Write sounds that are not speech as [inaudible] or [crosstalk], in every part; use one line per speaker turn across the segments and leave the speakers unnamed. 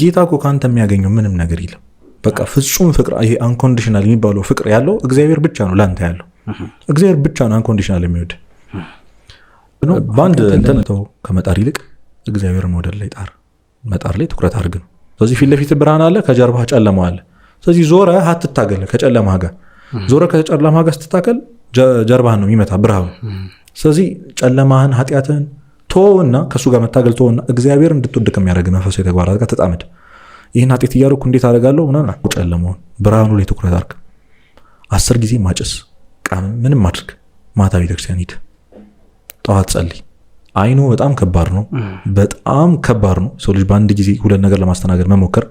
ጌታ እኮ ከአንተ የሚያገኘው ምንም ነገር የለም። በቃ ፍጹም ፍቅር፣ ይሄ አንኮንዲሽናል የሚባለው ፍቅር ያለው እግዚአብሔር ብቻ ነው። ለአንተ ያለው እግዚአብሔር ብቻ ነው አንኮንዲሽናል የሚወድ በአንድ እንትን ከመጣር ይልቅ እግዚአብሔር መውደድ ላይ ጣር። መጣር ላይ ትኩረት አድርግ ነው። ስለዚህ ፊት ለፊት ብርሃን አለ፣ ከጀርባ ጨለማ አለ። ስለዚህ ዞረ አትታገል ከጨለማ ጋር። ዞረ ከጨለማ ጋር ስትታገል ጀርባህን ነው የሚመታ ብርሃኑ። ስለዚህ ጨለማህን ኃጢአትህን ቶና ከእሱ ጋር መታገል ቶና እግዚአብሔር እንድትወድቅ ከሚያደርግ መንፈሳዊ ተግባራት ጋር ተጣመድ። ይህን ኃጢአት እያደረኩ እንዴት አደርጋለሁ ምናምን ጨለመውን ብርሃኑ ላይ ትኩረት አድርግ። አስር ጊዜ ማጨስ ቃም ምንም አድርግ። ማታ ቤተክርስቲያን ሂድ፣ ጠዋት ጸልይ። አይኑ በጣም ከባድ ነው፣ በጣም ከባድ ነው። ሰው ልጅ በአንድ ጊዜ ሁለት ነገር ለማስተናገድ መሞከር።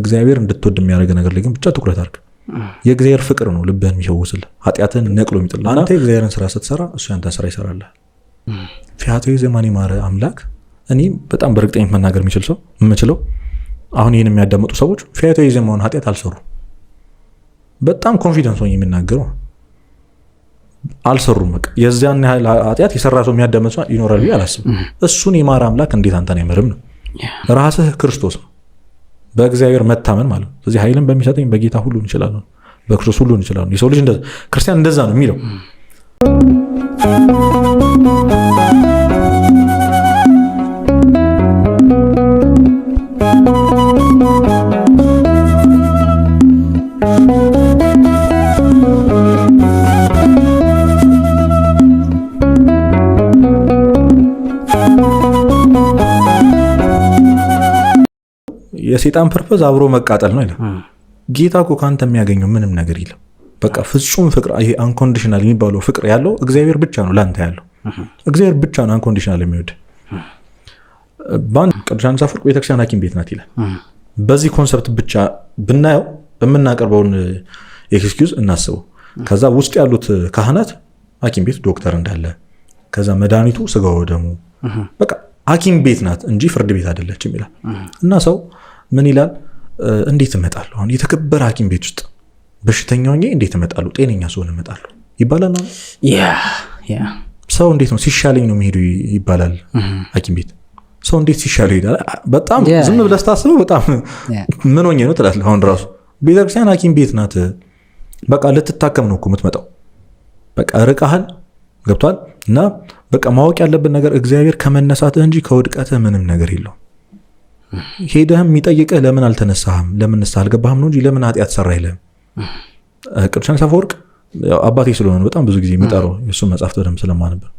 እግዚአብሔር እንድትወድ የሚያደርግ ነገር ላይ ግን ብቻ ትኩረት አድርግ። የእግዚአብሔር ፍቅር ነው ልብህን የሚፈውስልህ ኃጢአትን ነቅሎ የሚጥል። አንተ የእግዚአብሔርን ስራ ስትሰራ እሱ ያንተን ስራ ይሰራልህ። ፊያቶ ዘማን የማረ አምላክ እኔ በጣም በእርግጠኝነት መናገር የሚችል ሰው የምችለው አሁን ይህን የሚያዳምጡ ሰዎች ፊያቶ ዘማውን ኃጢአት አልሰሩ። በጣም ኮንፊደንስ ሆኜ የሚናገሩ አልሰሩም። በቃ የዚያን ያህል ኃጢአት የሰራ ሰው የሚያዳምጥ ሰው ይኖራል ብዬ አላስብም። እሱን የማረ አምላክ እንዴት አንተን አይምርም ነው። ራስህ ክርስቶስ ነው። በእግዚአብሔር መታመን ማለት ነው። ስለዚህ ኃይልን በሚሰጠኝ በጌታ ሁሉን ይችላሉ፣ በክርስቶስ ሁሉን ይችላሉ። የሰው ልጅ ክርስቲያን እንደዛ ነው የሚለው የሴጣን ፐርፐዝ አብሮ መቃጠል ነው ይላል። ጌታ እኮ ከአንተ የሚያገኘው ምንም ነገር የለም። በቃ ፍጹም ፍቅር ይሄ አንኮንዲሽናል የሚባለው ፍቅር ያለው እግዚአብሔር ብቻ ነው። ለአንተ ያለው እግዚአብሔር ብቻ ነው አንኮንዲሽናል የሚወድ በአንድ ቅዱስ ዮሐንስ አፈወርቅ ቤተክርስቲያን ሐኪም ቤት ናት ይላል። በዚህ ኮንሰፕት ብቻ ብናየው የምናቀርበውን ኤክስኪውዝ እናስበው። ከዛ ውስጥ ያሉት ካህናት ሐኪም ቤት ዶክተር እንዳለ ከዛ መድኃኒቱ ስጋወ ደሙ በቃ ሐኪም ቤት ናት እንጂ ፍርድ ቤት አይደለችም ይላል እና ሰው ምን ይላል? እንዴት እመጣለሁ አሁን የተከበረ ሐኪም ቤት ውስጥ በሽተኛ ሆኜ እንዴት እመጣለሁ? ጤነኛ ስሆን እመጣለሁ ይባላል። ሰው እንዴት ነው ሲሻለኝ ነው የሚሄዱ ይባላል። mm-hmm. ሐኪም ቤት ሰው እንዴት ሲሻለው ይሄዳል። በጣም ዝም ብለህ ስታስበው በጣም ምን ሆኜ ነው ትላለህ። አሁን ራሱ ቤተክርስቲያን ሐኪም ቤት ናት። በቃ ልትታከም ነው እኮ የምትመጣው። በቃ ርቃህል ገብቷል። እና በቃ ማወቅ ያለብን ነገር እግዚአብሔር ከመነሳትህ እንጂ ከውድቀትህ ምንም ነገር የለውም። mm-hmm. ሄደህም የሚጠይቅህ ለምን አልተነሳህም፣ ለምን ንስሐ አልገባህም ነው እንጂ ለምን ኃጢአት ሰራ የለህም ቅዱስ ዮሐንስ አፈወርቅ አባቴ ስለሆነ በጣም ብዙ ጊዜ የሚጠራው የእሱን መጽሐፍት በደንብ ስለማነበር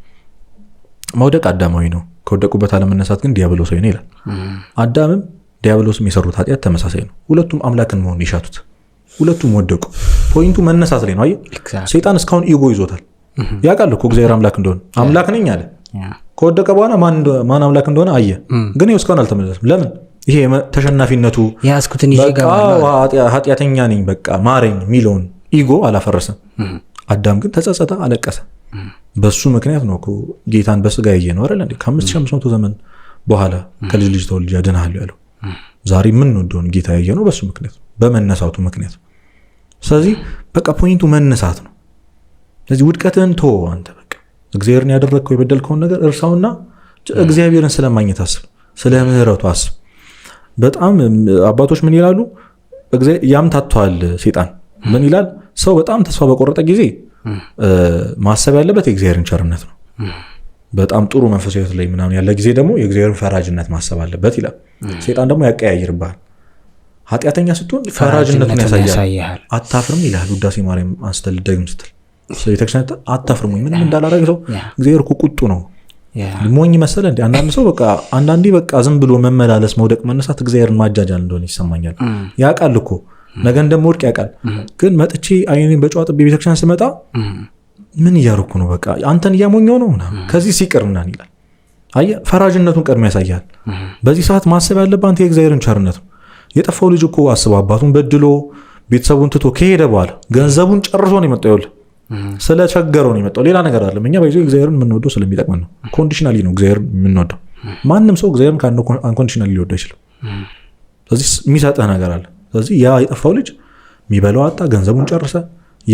መውደቅ አዳማዊ ነው፣ ከወደቁበት አለመነሳት ግን ዲያብሎሳዊ ነው ይላል። አዳምም ዲያብሎስም የሰሩት ኃጢአት ተመሳሳይ ነው። ሁለቱም አምላክን መሆን የሻቱት፣ ሁለቱም ወደቁ። ፖይንቱ መነሳት ላይ ነው። አየህ፣ ሰይጣን እስካሁን ኢጎ ይዞታል። ያውቃል እኮ እግዚአብሔር አምላክ እንደሆነ አምላክ ነኝ አለ። ከወደቀ በኋላ ማን አምላክ እንደሆነ አየ፣ ግን ይኸው እስካሁን አልተመለሰም። ለምን ይሄ ተሸናፊነቱ ያዝኩትን ኃጢአተኛ ነኝ በቃ ማረኝ የሚለውን ኢጎ አላፈረሰም። አዳም ግን ተጸጸተ፣ አለቀሰ። በሱ ምክንያት ነው ጌታን በስጋ ያየ ነው አለ ከአምስት ሺህ ዘመን በኋላ ከልጅ ልጅ ተወልጅ አድንሃለሁ ያለው ዛሬ የምንወደውን ጌታ ያየ ነው በሱ ምክንያት በመነሳቱ ምክንያት። ስለዚህ በቃ ፖይንቱ መነሳት ነው። ስለዚህ ውድቀትህን ቶ አንተ በቃ እግዚአብሔርን ያደረግከው የበደልከውን ነገር እርሳውና እግዚአብሔርን ስለማግኘት አስብ፣ ስለ ምህረቱ አስብ። በጣም አባቶች ምን ይላሉ? ያም ታቷል ሴጣን ምን ይላል? ሰው በጣም ተስፋ በቆረጠ ጊዜ ማሰብ ያለበት የእግዚአብሔርን ቸርነት ነው። በጣም ጥሩ መንፈሳዊት ላይ ምናምን ያለ ጊዜ ደግሞ የእግዚአብሔርን ፈራጅነት ማሰብ አለበት ይላል። ሴጣን ደግሞ ያቀያይርብሃል። ኃጢአተኛ ስትሆን ፈራጅነቱን ያሳያል። አታፍርም ይላል ውዳሴ ማርያም አንስተ ልደግም ስትል ቤተክርስቲያን አታፍርም ወይ ምንም እንዳላረግ ሰው እግዚአብሔር እኮ ቁጡ ነው ሞኝ መሰለ እንዲ አንዳንድ ሰው በቃ አንዳንዴ በቃ ዝም ብሎ መመላለስ መውደቅ መነሳት እግዚአብሔርን ማጃጃል እንደሆነ ይሰማኛል። ያውቃል እኮ ነገ እንደምወድቅ ያውቃል። ግን መጥቼ አይኔን በጨዋ ጥቤ ቤተክርስቲያን ስመጣ ምን እያረኩ ነው? በቃ አንተን እያሞኘው ነው ከዚህ ሲቅር ምናን ይላል። አየ ፈራጅነቱን ቀድሞ ያሳያል። በዚህ ሰዓት ማሰብ ያለብህ አንተ የእግዚአብሔርን ቸርነት ነው። የጠፋው ልጅ እኮ አስበው አባቱን በድሎ ቤተሰቡን ትቶ ከሄደ በኋላ ገንዘቡን ጨርሶ ነው የመጣ ይኸውልህ ስለቸገረው ነው የመጣው። ሌላ ነገር አለም። እኛ በጊዜ እግዚአብሔርን የምንወደው ስለሚጠቅመን ነው። ኮንዲሽናሊ ነው እግዚአብሔርን የምንወደው። ማንም ሰው እግዚአብሔርን አንኮንዲሽናሊ ሊወደው አይችልም። ስለዚህ የሚሰጠ ነገር አለ። ስለዚህ ያ የጠፋው ልጅ የሚበላው አጣ፣ ገንዘቡን ጨርሰ፣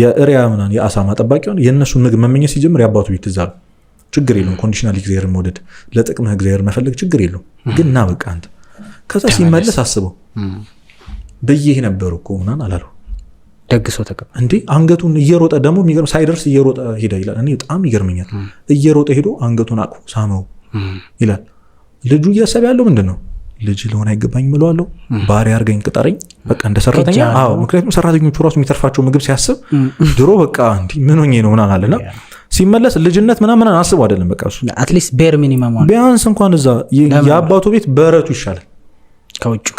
የእሪያ ምናምን የአሳማ ጠባቂውን የእነሱን ምግብ መመኘት ሲጀምር የአባቱ ቤት ትዝ አለው። ችግር የለውም ኮንዲሽናል እግዚአብሔርን መውደድ፣ ለጥቅምህ እግዚአብሔር መፈለግ ችግር የለውም። ግን ና በቃ አንተ ከዛ ሲመለስ አስበው ብዬህ ነበሩ እኮ ምናምን ደግሶ ተቀ እንዴ አንገቱን እየሮጠ ደግሞ የሚገርም ሳይደርስ እየሮጠ ሄደ ይላል። እኔ በጣም ይገርመኛል። እየሮጠ ሄዶ አንገቱን አቅፎ ሳመው ይላል። ልጁ እያሰብ ያለው ምንድን ነው? ልጅ ለሆነ አይገባኝ ምለዋለሁ፣ ባሪያ አድርገኝ፣ ቅጠረኝ፣ በቃ እንደ ሰራተኛ። ምክንያቱም ሰራተኞቹ ራሱ የሚተርፋቸው ምግብ ሲያስብ ድሮ በቃ እንዲ ምን ሆኜ ነው ምናምን አለና ሲመለስ ልጅነት ምናምን አስቡ አይደለም በቃ እሱ
አትሊስት ቤር ሚኒመም
ቢያንስ እንኳን እዛ የአባቱ ቤት በረቱ ይሻላል።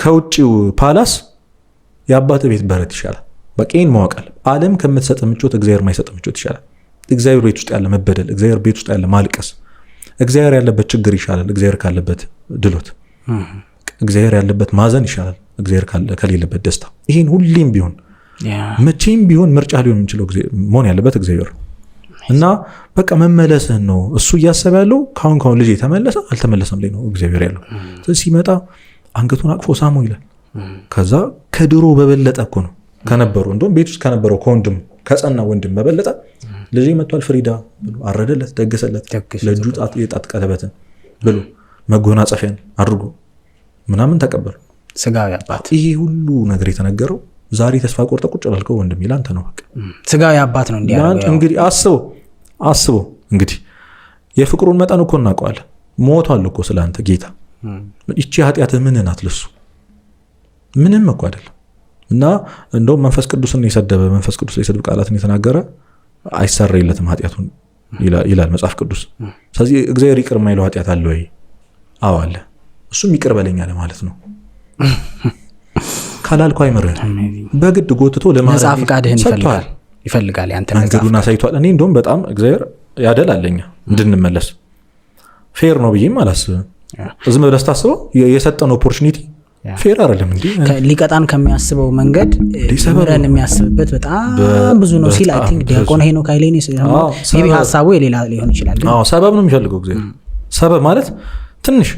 ከውጭው ፓላስ የአባት ቤት በረት ይሻላል። በቃ መዋቀል ማወቃል። ዓለም ከምትሰጥ ምቾት እግዚአብሔር ማይሰጥ ምቾት ይሻላል። እግዚአብሔር ቤት ውስጥ ያለ መበደል፣ እግዚአብሔር ቤት ውስጥ ያለ ማልቀስ፣ እግዚአብሔር ያለበት ችግር ይሻላል እግዚአብሔር ካለበት ድሎት፣ እግዚአብሔር ያለበት ማዘን ይሻላል እግዚአብሔር ከሌለበት ደስታ። ይህን ሁሌም ቢሆን መቼም ቢሆን ምርጫ ሊሆን የሚችለው መሆን ያለበት እግዚአብሔር እና በቃ መመለስህን ነው እሱ እያሰበ ያለው። ካሁን ካሁን ልጅ የተመለሰ አልተመለሰም ላይ ነው እግዚአብሔር ያለው። ሲመጣ አንገቱን አቅፎ ሳሞ ይላል። ከዛ ከድሮ በበለጠ እኮ ነው ከነበሩ እንደውም ቤት ውስጥ ከነበረው ከወንድም ከጸና ወንድም በበለጠ ልጅ መጥቷል ፍሪዳ ብሎ አረደለት፣ ደገሰለት ለእጁ የጣት ቀለበትን ብሎ መጎናጸፊያን አድርጎ ምናምን ተቀበሉ።
ስጋዊ አባት
ይሄ ሁሉ ነገር የተነገረው ዛሬ ተስፋ ቆርጠ ቁጭ ላልከው ወንድም ይላል ነው በቃ
ስጋዊ አባት ነው።
እንግዲህ አስበው አስበው እንግዲህ የፍቅሩን መጠን እኮ እናውቀዋለን። ሞቷል እኮ ስለአንተ ጌታ። ይቺ ኃጢአት ምን ናት? ልሱ ምንም እኮ አይደለም። እና እንደውም መንፈስ ቅዱስን የሰደበ መንፈስ ቅዱስ የስድብ ቃላትን የተናገረ አይሰረይለትም ኃጢአቱን ይላል መጽሐፍ ቅዱስ። ስለዚህ እግዚአብሔር ይቅር ማይለው ኃጢአት አለ ወይ? አዎ አለ። እሱም ይቅር በለኝ አለ ማለት ነው። ካላልኩ አይምርህ በግድ ጎትቶ
ለነጻ ፈቃድህን ይፈልጋል። ያንተ
መንገዱን አሳይቷል። እኔ እንደውም በጣም እግዚአብሔር ያደል አለኛ እንድንመለስ ፌር ነው ብዬም አላስብም። ዝም ብለህ ስታስበው የሰጠን ኦፖርቹኒቲ ፌር አይደለም። እንዲ
ሊቀጣን ከሚያስበው መንገድ ምረን የሚያስብበት በጣም ብዙ ነው ሲል አይ ቲንክ ዲያቆን ሄኖክ ኃይሌን ቢ ሀሳቡ የሌላ ሊሆን ይችላል።
ሰበብ ነው የሚፈልገው ጊዜ ሰበብ ማለት ትንሽ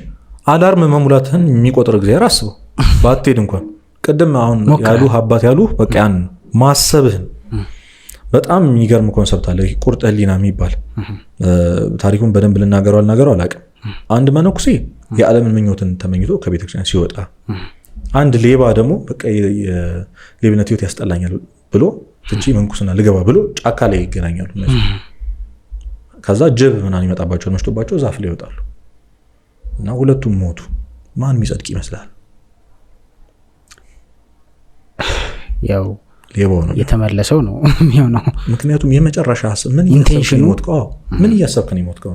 አላርም መሙላትህን የሚቆጥር ጊዜ አስበው በአትሄድ [laughs] እንኳን ቅድም አሁን ያሉ አባት ያሉ በቃ ያን ማሰብህን በጣም የሚገርም ኮንሰፕት አለ። ቁርጥ ህሊና የሚባል ታሪኩን በደንብ ልናገረው አልናገረው አላውቅም አንድ መነኩሴ የዓለምን ምኞትን ተመኝቶ ከቤተክርስቲያን ሲወጣ፣ አንድ ሌባ ደግሞ በቃ የሌብነት ህይወት ያስጠላኛል ብሎ ትቺ መንኩስና ልገባ ብሎ ጫካ ላይ ይገናኛሉ። ከዛ ጅብ ምናምን ይመጣባቸው መሽቶባቸው ዛፍ ላይ ይወጣሉ እና ሁለቱም ሞቱ። ማን የሚጸድቅ ይመስላል?
ያው ሌባው ነው የተመለሰው ነው [laughs] የሚሆነው።
ምክንያቱም የመጨረሻ ምን ምን እያሰብክ ነው የሞትከው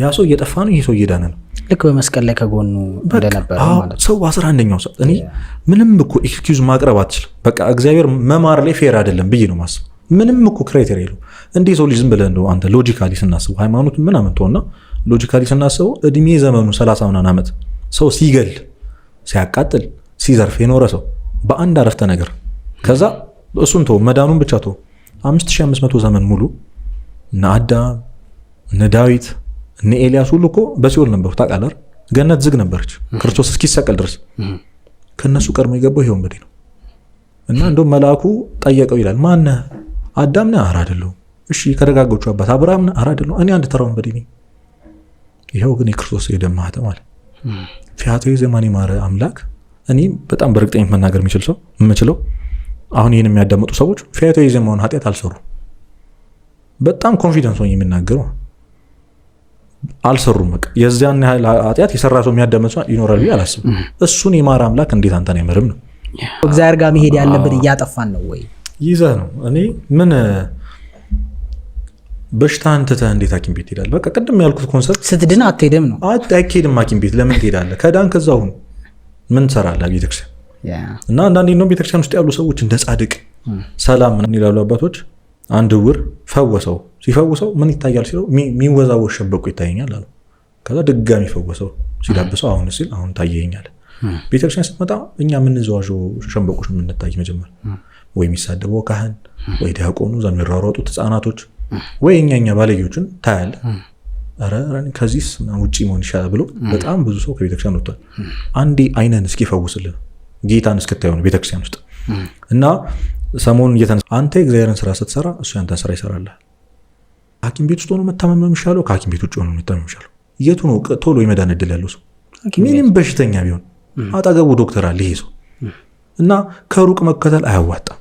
ያ ሰው እየጠፋ ነው፣ ይህ ሰው እየዳነ ነው።
ልክ በመስቀል ላይ ከጎኑ
እንደነበረ ሰው አስራ አንደኛው ሰዓት እኔ ምንም እኮ ኤክስኪውዝ ማቅረብ አትችልም። በቃ እግዚአብሔር መማር ላይ ፌር አይደለም ብዬ ነው ማስብ። ምንም እኮ ክራይቴሪያ የለው። እንዲህ ሰው ልጅ ዝም ብለህ እንደው አንተ ሎጂካሊ ስናስበው ሃይማኖት ምናምን ትሆና ሎጂካሊ ስናስበው እድሜ ዘመኑ ሰላሳ ምናምን ዓመት ሰው ሲገል ሲያቃጥል ሲዘርፍ የኖረ ሰው በአንድ አረፍተ ነገር ከዛ እሱን ተው መዳኑን ብቻ ተው 5500 ዘመን ሙሉ እነ አዳም እነ ዳዊት እነ ኤልያስ ሁሉ እኮ በሲኦል ነበሩ። ታውቃለህ፣ ገነት ዝግ ነበረች ክርስቶስ እስኪሰቀል ድረስ። ከእነሱ ቀድሞ የገባው ይሄው እንግዲህ ነው። እና እንደውም መልአኩ ጠየቀው ይላል ማነ አዳም ነህ? ኧረ አይደለሁም። እሺ ከደጋጎቹ አባት አብርሃም ነህ? ኧረ አይደለሁም። እኔ አንድ ተራውን ነኝ። ይኸው ግን የክርስቶስ የደም ማህተም አለ። ፊያታዊ ዘማን የማረ አምላክ እኔ በጣም በእርግጠኝነት መናገር የሚችል ሰው የምችለው አሁን ይህን የሚያዳምጡ ሰዎች ፊያታዊ ዘማውን ኃጢአት አልሰሩ። በጣም ኮንፊደንስ ሆኜ የሚናገረው አልሰሩም። በቃ የዚያን ያህል ኃጢአት የሰራ ሰው የሚያዳመጥ ሰው ይኖራል ብዬ አላስብም። እሱን የማር አምላክ እንዴት አንተን አይምርም ነው።
እግዚአብሔር ጋር መሄድ ያለብን እያጠፋን ነው ወይ
ይዘህ ነው። እኔ ምን በሽታ ትተህ እንዴት ሐኪም ቤት ትሄዳለህ? በቃ ቅድም ያልኩት ኮንሰርት
ስትድን አትሄድም ነው።
አይኬድም ሐኪም ቤት ለምን ትሄዳለህ? ከዳን ከዛ ሁን ምን ትሰራለህ? ቤተክርስቲያን እና አንዳንዴ ነው ቤተክርስቲያን ውስጥ ያሉ ሰዎች እንደ ጻድቅ ሰላም ይላሉ አባቶች አንድ ዕውር ፈወሰው። ሲፈውሰው ምን ይታያል ሲለው የሚወዛወዝ ሸበቆ ይታየኛል አለ። ከዛ ድጋሚ ፈወሰው። ሲለብሰው አሁን ሲል አሁን ታየኛል። ቤተክርስቲያን ስትመጣ እኛ የምንዘዋዥ ሸንበቆች የምንታይ መጀመር ወይ የሚሳደበው ካህን ወይ ዲያቆኑ እዛ የሚሯሯጡት ህፃናቶች ወይ እኛ እኛ ባለጌዎችን ታያለ። ከዚህ ውጭ መሆን ይሻላል ብሎ በጣም ብዙ ሰው ከቤተክርስቲያን ወጥቷል። አንዴ አይነን እስኪፈውስልን ጌታን እስክታየሆነ ቤተክርስቲያን ውስጥ እና ሰሞኑን እየተነሳ አንተ የእግዚአብሔርን ስራ ስትሰራ እሱ ያንተን ስራ ይሰራልሃል። ሐኪም ቤት ውስጥ ሆኖ መታመም ነው የሚሻለው? ከሐኪም ቤት ውጭ ሆኖ መታመም የሚሻለው? የቱ ነው ቶሎ የመዳን እድል ያለው ሰው? ምንም በሽተኛ ቢሆን አጠገቡ ዶክተር አለ ይሄ ሰው እና ከሩቅ መከተል አያዋጣም።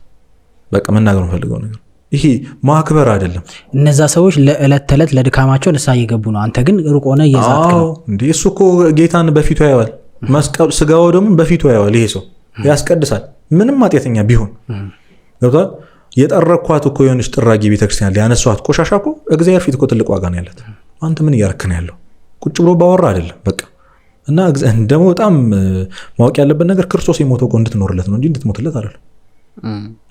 በቃ መናገር የምፈልገው ነገር ይሄ ማክበር አይደለም።
እነዛ ሰዎች ለዕለት ተዕለት ለድካማቸው ንስሐ እየገቡ ነው። አንተ ግን ሩቅ ሆነ እየዛቅ
እንዲ። እሱ እኮ ጌታን በፊቱ ያየዋል፣ ስጋው ደግሞ በፊቱ ያየዋል። ይሄ ሰው ያስቀድሳል ምንም ኃጢአተኛ ቢሆን ገብቷል። የጠረኳት እኮ የሆነች ጥራጊ ቤተክርስቲያን ያነሷት ቆሻሻ እኮ እግዚአብሔር ፊት እኮ ትልቅ ዋጋ ነው ያለት። አንተ ምን እያረክ ነው ያለው? ቁጭ ብሎ ባወራ አይደለም በቃ እና ደግሞ በጣም ማወቅ ያለበት ነገር ክርስቶስ የሞተው እኮ እንድትኖርለት ነው እንጂ እንድትሞትለት አይደለም።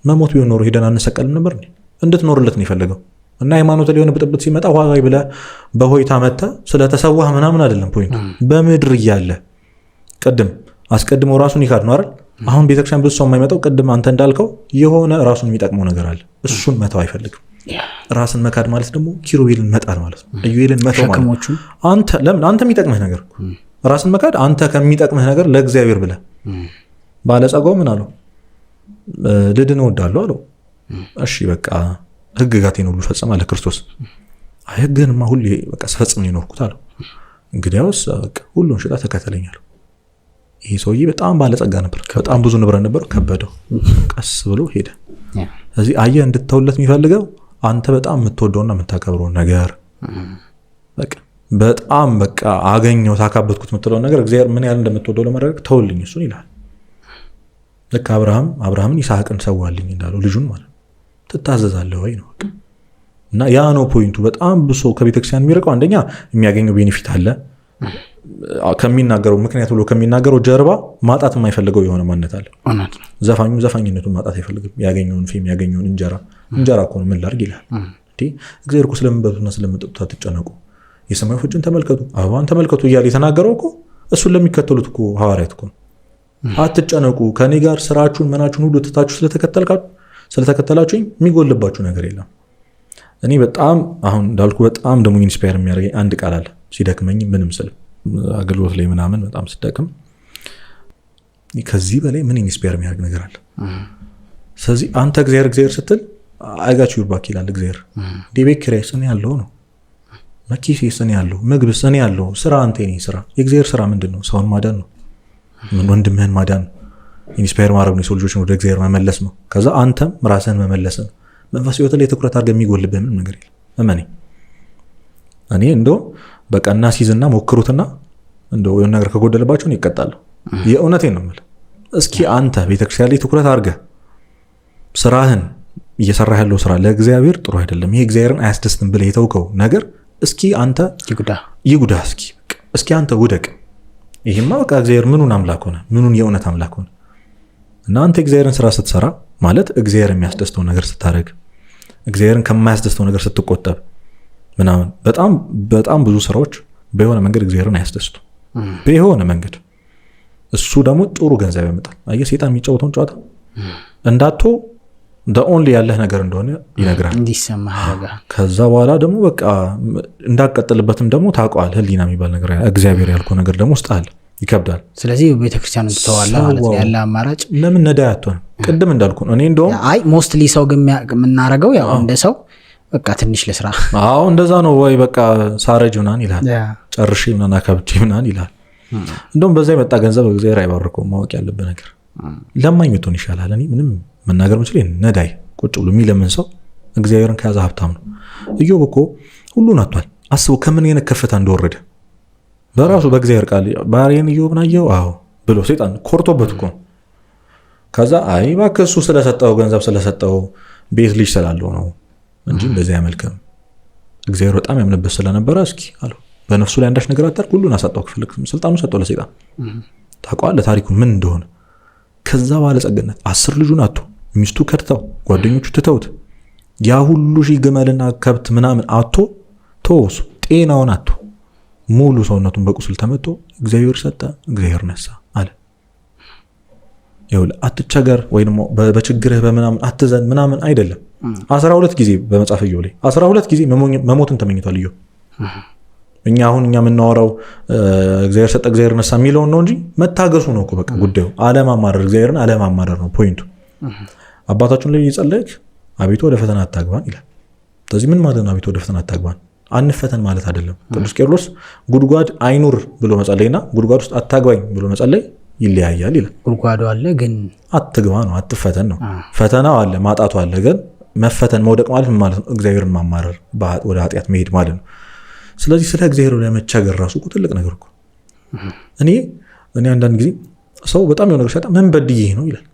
መሞት ቢሆን ኖሮ ሄደን አንሰቀልም ነበር። እንድትኖርለት ነው የፈለገው። እና ሃይማኖት ሊሆን ብጥብጥ ሲመጣ ዋጋይ ብለ በሆይታ መተ ስለተሰዋህ ምናምን አይደለም ፖይንቱ። በምድር እያለ ቅድም አስቀድሞ ራሱን ይካድ ነው አይደል አሁን ቤተክርስቲያን ብዙ ሰው የማይመጣው ቅድም አንተ እንዳልከው የሆነ ራሱን የሚጠቅመው ነገር አለ። እሱን መተው አይፈልግም። ራስን መካድ ማለት ደግሞ ኪሩቤልን መጣል ማለት ነው። ኢዩኤልን መተው አንተ ለምን አንተ የሚጠቅምህ ነገር hmm. ራስን መካድ አንተ ከሚጠቅምህ ነገር ለእግዚአብሔር ብለህ hmm. ባለጸጋው ምን አለው? ልድን እወዳለሁ አለው። hmm. እሺ በቃ ህግጋቴን ሁሉ ፈጽማ ለክርስቶስ ህግህንማ ሁሌ በቃ ስፈጽም የኖርኩት አለው። እንግዲያውስ ሁሉን ሽጣ ተከተለኛለሁ ይሄ ሰውዬ በጣም ባለጸጋ ነበር፣ በጣም ብዙ ንብረት ነበር ከበደው፣ ቀስ ብሎ ሄደ። ስለዚህ አየህ እንድትተውለት የሚፈልገው አንተ በጣም የምትወደውና የምታከብረውን ነገር በጣም በቃ አገኘው ታካበትኩት የምትለውን ነገር እግዚአብሔር ምን ያህል እንደምትወደው ለመረግ ተውልኝ እሱን ይላል። ልክ አብርሃም አብርሃምን ይስሐቅን ሰዋልኝ እንዳሉ ልጁን ማለት ትታዘዛለህ ወይ ነው እና ያ ነው ፖይንቱ። በጣም ብሶ ከቤተክርስቲያን የሚርቀው አንደኛ የሚያገኘው ቤኔፊት አለ ከሚናገረው ምክንያት ብሎ ከሚናገረው ጀርባ ማጣት የማይፈልገው የሆነ ማነት አለ። ዘፋኙ ዘፋኝነቱን ማጣት አይፈልግም። ያገኘውን ፌም፣ ያገኘውን እንጀራ እንጀራ ከሆነ ምን ላድርግ ይላል። እግዚአብሔር እኮ ስለምንበሉትና ስለምንጠጡት አትጨነቁ፣ የሰማይ ወፎችን ተመልከቱ፣ አበባን ተመልከቱ እያለ የተናገረው እኮ እሱን ለሚከተሉት እኮ ሐዋርያት እኮ አትጨነቁ፣ ከኔ ጋር ስራችሁን መናችሁን ሁሉ ትታችሁ ስለተከተላችሁኝ የሚጎልባችሁ ነገር የለም። እኔ በጣም አሁን እንዳልኩ በጣም ደግሞ ኢንስፓየር የሚያደርገኝ አንድ ቃል አለ ሲደክመኝ ምንም ስል አገልግሎት ላይ ምናምን በጣም ስጠቅም ከዚህ በላይ ምን ኢንስፓየር የሚያደርግ ነገር አለ? ስለዚህ አንተ እግዚአብሔር እግዚአብሔር ስትል አይጋች ዩርባክ ይላል እግዚአብሔር። ቤት ኪራይ ስን ያለው ነው መኪሴ ስን ያለው ምግብ ስን ያለው ስራ አንተ ኔ ስራ የእግዚአብሔር ስራ ምንድን ነው? ሰውን ማዳን ነው። ወንድምህን ማዳን ነው። ኢንስፓየር ማድረግ ነው። የሰው ልጆችን ወደ እግዚአብሔር መመለስ ነው። ከዛ አንተም ራስህን መመለስ ነው። መንፈስ ህይወት ላይ ትኩረት አድርገ የሚጎልብህ ምንም ነገር የለም። እመኔ እኔ እንደውም በቀና ሲዝና ሞክሩትና እንደ የሆነ ነገር ከጎደለባቸው ይቀጣሉ። የእውነቴን ነው የምልህ። እስኪ አንተ ቤተክርስቲያን ላይ ትኩረት አድርገህ ስራህን እየሰራ ያለው ስራ ለእግዚአብሔር ጥሩ አይደለም፣ ይሄ እግዚአብሔርን አያስደስትም ብለህ የተውከው ነገር እስኪ አንተ ይጉዳ ይጉዳ፣ እስኪ እስኪ አንተ ውደቅ። ይሄማ በቃ እግዚአብሔር ምኑን አምላክ ሆነ? ምኑን የእውነት አምላክ ሆነ? እና አንተ እግዚአብሔርን ስራ ስትሰራ ማለት እግዚአብሔር የሚያስደስተው ነገር ስታደርግ፣ እግዚአብሔርን ከማያስደስተው ነገር ስትቆጠብ ምናምን በጣም በጣም ብዙ ስራዎች በሆነ መንገድ እግዚአብሔርን አያስደስቱ በሆነ መንገድ እሱ ደግሞ ጥሩ ገንዘብ ያመጣል። አየ ሴጣን የሚጫወተውን ጨዋታ እንዳቶ ኦንሊ ያለህ ነገር እንደሆነ ይነግራል። ከዛ በኋላ ደግሞ በቃ እንዳቀጥልበትም ደግሞ ታቋል ህሊና የሚባል ነገር እግዚአብሔር ያልኩህ ነገር ደግሞ ውስጥ አለ፣ ይከብዳል።
ስለዚህ ቤተክርስቲያን ትተዋላ አማራጭ
ለምን ነዳ ያቶ ቅድም እንዳልኩ ነው። እኔ እንደውም
አይ ሞስትሊ ሰው ግን የምናረገው ያው እንደ ሰው በቃ ትንሽ ለስራ
አዎ እንደዛ ነው ወይ በቃ ሳረጅ ምናን ይላል ጨርሽ ምናን አከብጅ ምናን ይላል እንደውም በዛ የመጣ ገንዘብ እግዚአብሔር አይባርከው ማወቅ ያለብህ ነገር ለማኝ ብትሆን ይሻላል እኔ ምንም መናገር ምችል ነዳይ ቁጭ ብሎ የሚለምን ሰው እግዚአብሔርን ከያዘ ሀብታም ነው እዮብ እኮ ሁሉን አቷል አስቡ ከምን አይነት ከፍታ እንደወረደ በራሱ በእግዚአብሔር ቃል ባሪያን እዮብን አየው አዎ ብሎ ሴጣን ኮርቶበት እኮ ከዛ አይ እባክህ እሱ ስለሰጠው ገንዘብ ስለሰጠው ቤት ልጅ ስላለው ነው እንጂ በዚህ አይመልክም። እግዚአብሔር በጣም ያምንበት ስለነበረ እስኪ አለ በነፍሱ ላይ አንዳች ነገር አታድርግ፣ ሁሉን አሳጣው። ክፍልክ ስልጣኑ ሰጠው ለሴጣን ታቋል ለታሪኩ ምን እንደሆነ ከዛ ባለጸግነት አስር ልጁን አቶ ሚስቱ ከድተው ጓደኞቹ ትተውት ያ ሁሉ ሺህ ግመልና ከብት ምናምን አቶ ተወሱ ጤናውን አቶ ሙሉ ሰውነቱን በቁስል ተመቶ እግዚአብሔር ሰጠ፣ እግዚአብሔር ነሳ። ይኸውልህ አትቸገር ወይ ደግሞ በችግርህ በምናምን አትዘን ምናምን አይደለም። አስራ ሁለት ጊዜ በመጽሐፍ ኢዮብ ላይ አስራ ሁለት ጊዜ መሞትን ተመኝቷል ልዩ እኛ አሁን እኛ የምናወራው እግዚአብሔር ሰጠ እግዚአብሔር ነሳ የሚለውን ነው እንጂ መታገሱ ነው እኮ በቃ ጉዳዩ፣ አለማማረር እግዚአብሔርን አለማማረር ነው ፖይንቱ። አባታችን ላይ እየጸለይክ አቤቱ ወደ ፈተና አታግባን ይላል። ስለዚህ ምን ማለት ነው? አቤቱ ወደ ፈተና አታግባን አንፈተን ማለት አይደለም። ቅዱስ ቄርሎስ ጉድጓድ አይኑር ብሎ መጸለይና ጉድጓድ ውስጥ አታግባኝ ብሎ መጸለይ ይለያያል ይላል።
ጉድጓዱ አለ ግን
አትግባ ነው፣ አትፈተን ነው። ፈተናው አለ፣ ማጣቱ አለ። ግን መፈተን መውደቅ ማለት ማለት ነው፣ እግዚአብሔርን ማማረር ወደ ኃጢአት መሄድ ማለት ነው። ስለዚህ ስለ እግዚአብሔር ላይ መቸገር ራሱ ትልቅ ነገር እኮ እኔ እኔ አንዳንድ ጊዜ ሰው በጣም የሆነ ነገር ሲያጣ ምን በድዬ ነው ይላል።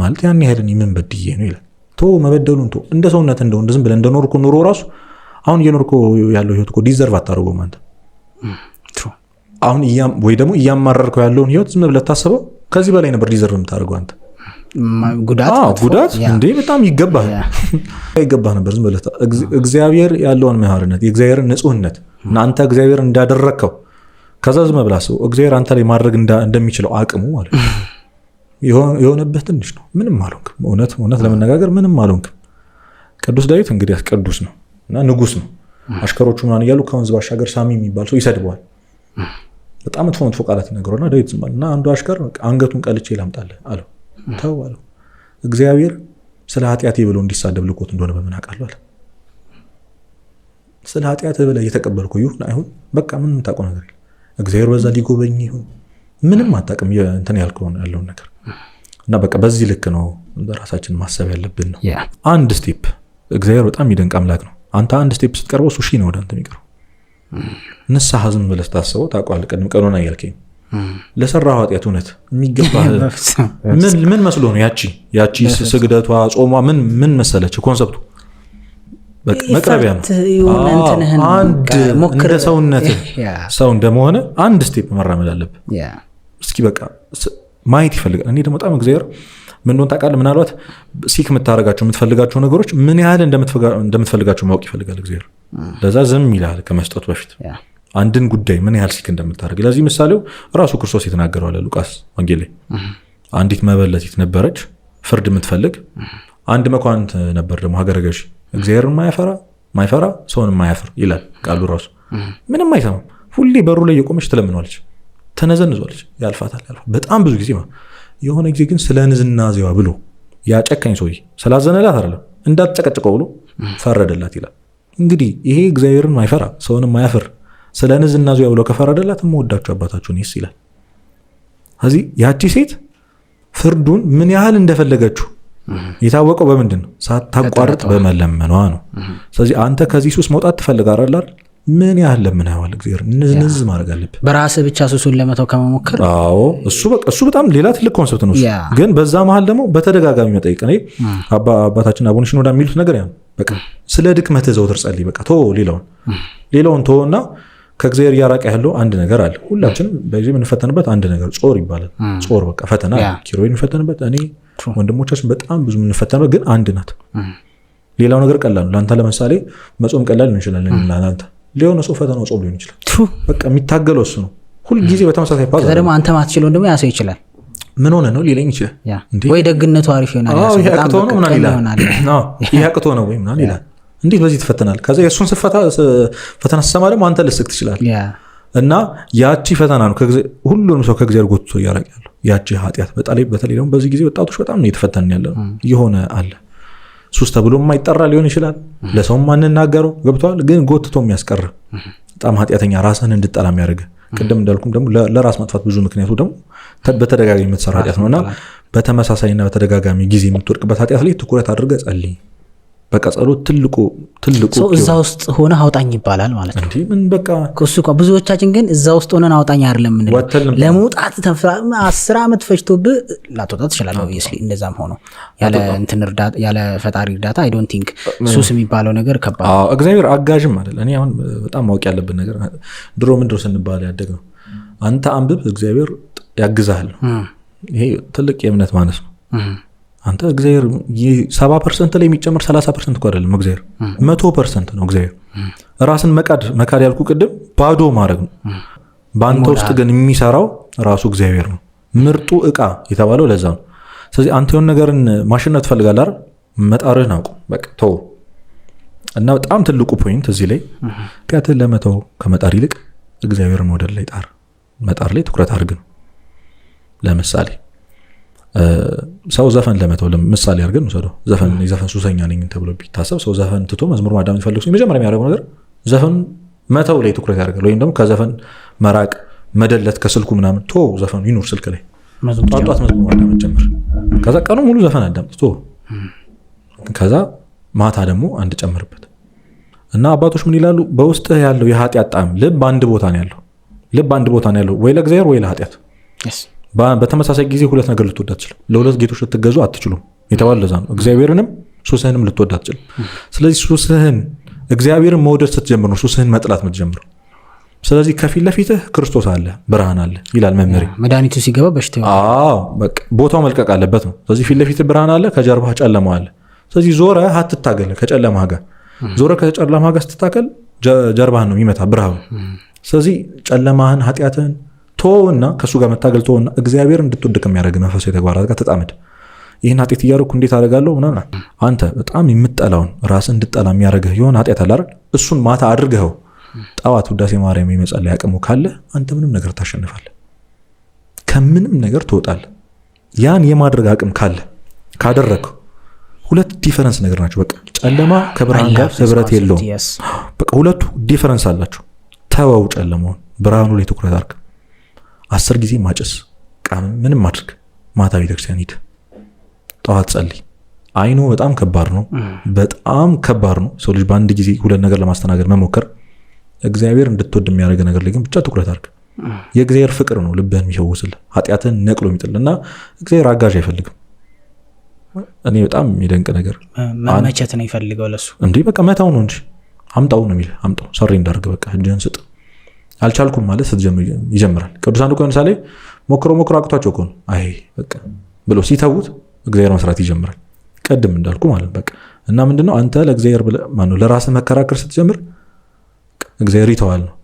ማለት ያን ያህል እኔ ምን በድዬ ነው ይላል። ቶ መበደሉን ቶ እንደ ሰውነት እንደው እንደዝም ብለህ እንደኖርኩ ኑሮ ራሱ አሁን እየኖርኩ ያለው ህይወት እኮ ዲዘርቭ አታደርገውም አንተ አሁን ወይ ደግሞ እያማረርከው ያለውን ህይወት ዝም ብለህ ታስበው። ከዚህ በላይ ነበር ዲዘርቭ የምታደርገው አንተ ጉዳት እንዴ በጣም ይገባህ [laughs] ይገባህ ነበር። ዝም ብለህ እግዚአብሔር ያለውን መሐርነት የእግዚአብሔርን ንጹህነት እና አንተ እግዚአብሔር እንዳደረግከው ከዛ ዝም ብለህ ሰው እግዚአብሔር አንተ ላይ ማድረግ እንደሚችለው አቅሙ ማለት የሆነብህ ትንሽ ነው። ምንም አልሆንክም። እውነት እውነት ለመነጋገር ምንም አልሆንክም። ቅዱስ ዳዊት እንግዲህ ቅዱስ ነው እና ንጉስ ነው። አሽከሮቹ ምናምን እያሉ ከወንዝ ባሻገር ሳሚ የሚባል ሰው ይሰድበዋል። በጣም መጥፎ መጥፎ ቃላት ይነግረውና ዳዊት ዝም አለ እና አንዱ አሽከር አንገቱን ቀልቼ ላምጣልህ አለው። ተው አለው። እግዚአብሔር ስለ ኃጢአቴ ብሎ እንዲሳደብ ልኮት እንደሆነ በምን አውቃለሁ አለ። ስለ ኃጢአት ብለህ እየተቀበልኩ ይሁን አይሁን በቃ ምን የምታውቀው ነገር የለም። እግዚአብሔር በዛ ሊጎበኝ ይሁን ምንም አታውቅም። እንትን ያልከውን ያለውን ነገር እና በቃ በዚህ ልክ ነው በራሳችን ማሰብ ያለብን ነው። አንድ ስቴፕ እግዚአብሔር በጣም የሚደንቅ አምላክ ነው። አንተ አንድ ስቴፕ ስትቀርበው እሱ ሺህ ነው ወደ አንተ የሚቀርበው ንስሐ ዝም ብለህ ስታስበው ታውቀዋለህ። ቅድም ቀኖና እያልከኝ ለሰራ ኃጢአት እውነት የሚገባ [laughs] ምን መስሎ ነው? ያቺ ያቺ ስግደቷ ጾሟ ምን ምን መሰለች ኮንሰፕቱ መቅረቢያ ነው። እንደ ሰውነት [laughs] ሰው እንደመሆነ አንድ ስቴፕ መራመድ አለብ። እስኪ በቃ ማየት ይፈልጋል። እኔ ደግሞ በጣም እግዚአብሔር ምን ሆን ታውቃለህ? ምናልባት ሲክ የምታደርጋቸው የምትፈልጋቸው ነገሮች ምን ያህል እንደምትፈልጋቸው ማወቅ ይፈልጋል እግዚአብሔር ለዛ ዝም ይላል ከመስጠቱ በፊት አንድን ጉዳይ ምን ያህል ሲክ እንደምታደርግ። ለዚህ ምሳሌው ራሱ ክርስቶስ የተናገረዋለ ሉቃስ ወንጌል አንዲት መበለቲት ነበረች ፍርድ የምትፈልግ። አንድ መኳንንት ነበር ደግሞ ሀገረ ገዥ፣ እግዚአብሔርን ማያፈራ ማይፈራ ሰውን ማያፍር ይላል ቃሉ ራሱ። ምንም አይሰማም። ሁሌ በሩ ላይ የቆመች ትለምኗለች፣ ተነዘንዟለች፣ ያልፋታል። በጣም ብዙ ጊዜ የሆነ ጊዜ ግን ስለ ዜዋ ብሎ ያጨካኝ ሰውዬ ስላዘነላት አይደለም እንዳትጨቀጭቀው ብሎ ፈረደላት ይላል እንግዲህ ይሄ እግዚአብሔርን ማይፈራ ሰውን ማያፍር ስለ ንዝና ንዝናዙ ያብለው ከፈረደላት የምወዳችሁ አባታችሁን ይስ ይላል። ከዚህ ያቺ ሴት ፍርዱን ምን ያህል እንደፈለገችው የታወቀው በምንድን ነው? ሳታቋርጥ በመለመኗ ነው። ስለዚህ አንተ ከዚህ ሱስ መውጣት ትፈልጋለህ። ምን ያህል ለምናየዋል አይዋል እግዚአብሔር ንዝንዝ ማድረግ አለብህ።
በራስ ብቻ ሱሱን ለመተው ከመሞከር
አዎ፣ እሱ በጣም ሌላ ትልቅ ኮንሰፕት ነው። ግን በዛ መሀል ደግሞ በተደጋጋሚ መጠየቅ አባታችን አቡነ ሽኖዳ የሚሉት ነገር ያ ነው በቃ ስለ ድክመት ዘውትር ጸልይ። በቃ ቶ ሌላውን ሌላውን ቶና ከእግዚአብሔር እያራቀ ያለው አንድ ነገር አለ። ሁላችንም በጊዜ የምንፈተንበት አንድ ነገር ጾር ይባላል። ጾር በቃ ፈተና ኪሮ የምንፈተንበት እኔ ወንድሞቻችን በጣም ብዙ የምንፈተንበት ግን አንድ ናት። ሌላው ነገር ቀላል ነው። ለአንተ ለምሳሌ መጾም ቀላል ሊሆን ይችላል። ለአንተ ሊሆነ ሰው ፈተናው ጾም ሊሆን ይችላል። በቃ የሚታገለው እሱ ነው። ሁልጊዜ በተመሳሳይ ፓዝ
ደግሞ አንተ ማትችለው ደግሞ ያ ይችላል።
ምን ሆነ ነው ሊለኝ ይችላል። ወይ ደግነቱ አሪፍ ይሆናል ያቅቶ [clears throat] ነው ወይ ምናምን ይላል። እንዴት በዚህ ትፈተናል? ከዚ የእሱን ፈተና ስሰማ ደግሞ አንተ ልስቅ ትችላል። እና ያቺ ፈተና ነው ሁሉንም ሰው ከእግዚአብሔር ጎትቶ እያራቅ ያለው ያቺ ኃጢአት። በተለይ ደግሞ በዚህ ጊዜ ወጣቶች በጣም ነው እየተፈተን ያለ ነው የሆነ አለ ሱስ ተብሎ የማይጠራ ሊሆን ይችላል። ለሰው ማንናገረው ገብተዋል፣ ግን ጎትቶ የሚያስቀር በጣም ኃጢአተኛ ራስህን እንድጠላ የሚያደርግ ቅድም እንዳልኩም ደግሞ ለራስ መጥፋት ብዙ ምክንያቱ ደግሞ በተደጋጋሚ የምትሰራ ኃጢአት ነው እና በተመሳሳይና በተደጋጋሚ ጊዜ የምትወድቅበት ኃጢአት ላይ ትኩረት አድርገ ጸልይ። በቃ ጸሎት ትልቁ ትልቁ
እዛ ውስጥ ሆነ አውጣኝ ይባላል ማለት
ነው። ምን በቃ
እሱ እኮ ብዙዎቻችን ግን እዛ ውስጥ ሆነን አውጣኝ አይደለም
የምንለው።
ለመውጣት አስር ዓመት ፈጅቶብህ ላትወጣ ትችላለህ። ስ እንደዛም ሆኖ ያለ እንትን ያለ ፈጣሪ እርዳታ አይ ዶንት ቲንክ ሱስ የሚባለው ነገር ከባድ
እግዚአብሔር አጋዥም አይደል። እኔ አሁን በጣም ማወቅ ያለብን ነገር ድሮ ምንድሮ ስንባል ያደግ ነው አንተ አንብብ እግዚአብሔር ያግዛል። ይሄ ትልቅ የእምነት ማነስ ነው። አንተ እግዚአብሔር ሰባ ፐርሰንት ላይ የሚጨምር ሰላሳ ፐርሰንት እኮ አይደለም። እግዚአብሔር መቶ ፐርሰንት ነው። እግዚአብሔር ራስን መካድ መካድ ያልኩ ቅድም ባዶ ማድረግ ነው። በአንተ ውስጥ ግን የሚሰራው ራሱ እግዚአብሔር ነው። ምርጡ እቃ የተባለው ለዛ ነው። ስለዚህ አንተ የሆነ ነገርን ማሸነፍ ትፈልጋለህ አይደል? መጣርህን አውቁ በቃ ተው እና በጣም ትልቁ ፖይንት እዚህ ላይ ቀትህን ለመተው ከመጣር ይልቅ እግዚአብሔርን ወደ ላይ ጣር። መጣር ላይ ትኩረት አድርግ ነው። ለምሳሌ ሰው ዘፈን ለመተው ምሳሌ አድርገን ውሰደው። ዘፈን የዘፈን ሱሰኛ ነኝ ተብሎ ቢታሰብ ሰው ዘፈን ትቶ መዝሙር ማዳም የሚፈልግ ሰው የመጀመሪያ የሚያደርገው ነገር ዘፈኑ መተው ላይ ትኩረት ያደርጋል። ወይም ደግሞ ከዘፈን መራቅ፣ መደለት ከስልኩ ምናምን ቶ ዘፈኑ ይኑር ስልክ ላይ ጧጧት መዝሙር ማዳመጥ ጀምር። ከዛ ቀኑ ሙሉ ዘፈን አዳምጥ ቶ ከዛ ማታ ደግሞ አንድ ጨምርበት እና አባቶች ምን ይላሉ? በውስጥህ ያለው የኃጢአት ጣም ልብ አንድ ቦታ ነው ያለው። ልብ አንድ ቦታ ነው ያለው ወይ ለእግዚአብሔር ወይ ለኃጢአት በተመሳሳይ ጊዜ ሁለት ነገር ልትወዳ አትችልም። ለሁለት ጌቶች ልትገዙ አትችሉም የተባለ ለዛ ነው። እግዚአብሔርንም ሱስህንም ልትወዳ አትችልም። ስለዚህ ሱስህን እግዚአብሔርን መውደድ ስትጀምር ነው ሱስህን መጥላት የምትጀምረው። ስለዚህ ከፊት ለፊትህ ክርስቶስ አለ፣ ብርሃን አለ ይላል መምህሬ።
መድኃኒቱ ሲገባ በሽታ
ቦታው መልቀቅ አለበት ነው። ስለዚህ ፊት ለፊትህ ብርሃን አለ፣ ከጀርባህ ጨለማ አለ። ስለዚህ ዞረ አትታገል ከጨለማ ጋር። ዞረ ከጨለማ ጋር ስትታገል ጀርባህን ነው የሚመታ ብርሃኑ። ስለዚህ ጨለማህን ኃጢአትህን ቶና ከእሱ ጋር መታገል ቶና እግዚአብሔር እንድትወደቅ የሚያደርግ መንፈሳዊ ተግባራት ጋር ተጣመድ። ይህን ኃጢአት እያደረኩ እንዴት አደርጋለሁ ምናምን አንተ በጣም የምጠላውን ራስ እንድጠላ የሚያደርግህ የሆነ ኃጢአት አለ አይደል? እሱን ማታ አድርገኸው ጠዋት ውዳሴ ማርያም የመጸለይ አቅሙ ካለ አንተ ምንም ነገር ታሸንፋለህ፣ ከምንም ነገር ትወጣለህ። ያን የማድረግ አቅም ካለ ካደረግ ሁለት ዲፈረንስ ነገር ናቸው። በቃ ጨለማ ከብርሃን ጋር ህብረት የለውም። በቃ ሁለቱ ዲፈረንስ አላቸው። ተወው ጨለማውን፣ ብርሃኑ ላይ ትኩረት አድርግ። አስር ጊዜ ማጨስ ቃም ምንም ማድረግ ማታ ቤተክርስቲያን ሂድ፣ ጠዋት ጸልይ። አይኖ በጣም ከባድ ነው፣ በጣም ከባድ ነው። ሰው ልጅ በአንድ ጊዜ ሁለት ነገር ለማስተናገድ መሞከር እግዚአብሔር እንድትወድ የሚያደርግ ነገር ላይ ግን ብቻ ትኩረት አድርግ። የእግዚአብሔር ፍቅር ነው ልብህን የሚሸውስል ኃጢአትን ነቅሎ የሚጥል እና እግዚአብሔር አጋዥ አይፈልግም። እኔ በጣም የሚደንቅ ነገር
መመቸት ነው ይፈልገው ለሱ
እንዲህ በቃ መታው ነው እንጂ አምጣው ነው የሚል አምጣው ሰሪ እንዳርግ በቃ እጅህን ስጥ አልቻልኩም ማለት ስትጀምር ይጀምራል። ቅዱሳን እኮ ለምሳሌ ሞክሮ ሞክሮ አቅቷቸው እኮ አይ በቃ ብሎ ሲተዉት እግዚአብሔር መስራት ይጀምራል። ቀድም እንዳልኩ ማለት በቃ እና ምንድነው አንተ ለእግዚአብሔር ማነው ለራስህ መከራከር ስትጀምር እግዚአብሔር ይተዋል ነው።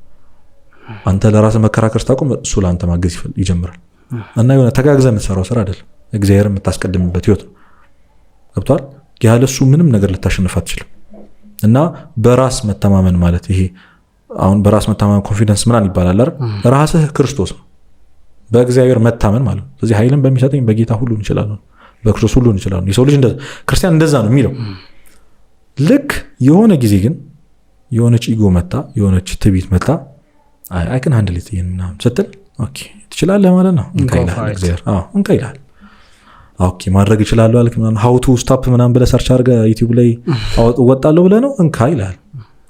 አንተ ለራስህ መከራከር ስታቆም እሱ ለአንተ ማገዝ ይጀምራል። እና የሆነ ተጋግዘ የምትሰራው ስራ አይደለም፣ እግዚአብሔር የምታስቀድምበት ህይወት ነው። ገብቷል። ያለ እሱ ምንም ነገር ልታሸንፍ አትችልም። እና በራስ መተማመን ማለት ይሄ አሁን በራስ መታመን ኮንፊደንስ ምናን ይባላል ራስህ ክርስቶስ ነው፣ በእግዚአብሔር መታመን ማለት ነው። ስለዚህ ኃይልን በሚሰጠኝ በጌታ ሁሉ እንችላለ በክርስቶስ ሁሉ እንችላለ። የሰው ልጅ ክርስቲያን እንደዛ ነው የሚለው። ልክ የሆነ ጊዜ ግን የሆነች ኢጎ መታ፣ የሆነች ትቢት መታ፣ አይክን ሀንድል ምናምን ስትል ትችላለህ ማለት ነው። እንካ ይልሃል። ኦኬ ማድረግ ይችላሉ አልክ ምናምን ሀውቱ ስታፕ ምናምን ብለህ ሰርች አድርገህ ዩቲዩብ ላይ ወጣለሁ ብለህ ነው እንካ ይልሃል።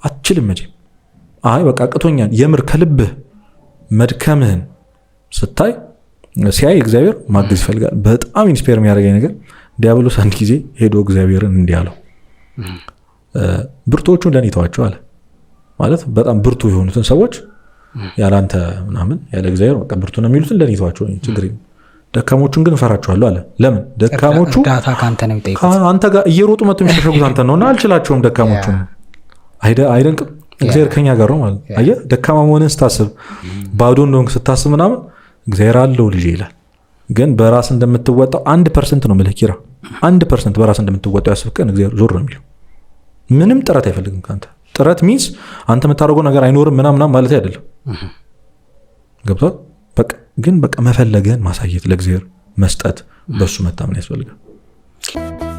አችልም መቼም አይ በቃ ቅቶኛል፣ የምር ከልብህ መድከምህን ስታይ ሲያይ እግዚአብሔር ማገዝ ይፈልጋል። በጣም ኢንስፔር የሚያደርገኝ ነገር ዲያብሎስ አንድ ጊዜ ሄዶ እግዚአብሔርን እንዲህ አለው፣ ብርቶቹን ለእኔ ተዋቸው አለ። ማለት በጣም ብርቱ የሆኑትን ሰዎች ያለአንተ ምናምን ያለ እግዚአብሔር በቃ ብርቱ ነው የሚሉትን ለእኔ ተዋቸው፣ ችግር ደካሞቹን ግን እፈራቸዋለሁ አለ። ለምን ደካሞቹ አንተ ጋር እየሮጡ መጥቶ የሚሸሸጉት አንተ ነውና አልችላቸውም። ደካሞቹ አይደንቅም እግዚአብሔር ከኛ ጋር ነው ማለት አየ ደካማ መሆንን ስታስብ፣ mm. ባዶ እንደሆንክ ስታስብ ምናምን እግዚአብሔር አለው ልጅ ይላል። ግን በራስ እንደምትወጣው አንድ ፐርሰንት ነው የምልህ ኪራ፣ አንድ ፐርሰንት በራስ እንደምትወጣው ያስብ ቀን እግዚአብሔር ዞር ነው የሚለው። ምንም ጥረት አይፈልግም ከአንተ ጥረት ሚንስ አንተ የምታደርገው ነገር አይኖርም ምናምና ማለት አይደለም። mm-hmm. ገብቷል። ግን በቃ መፈለገን ማሳየት ለእግዚአብሔር መስጠት በእሱ መታመን ያስፈልጋል።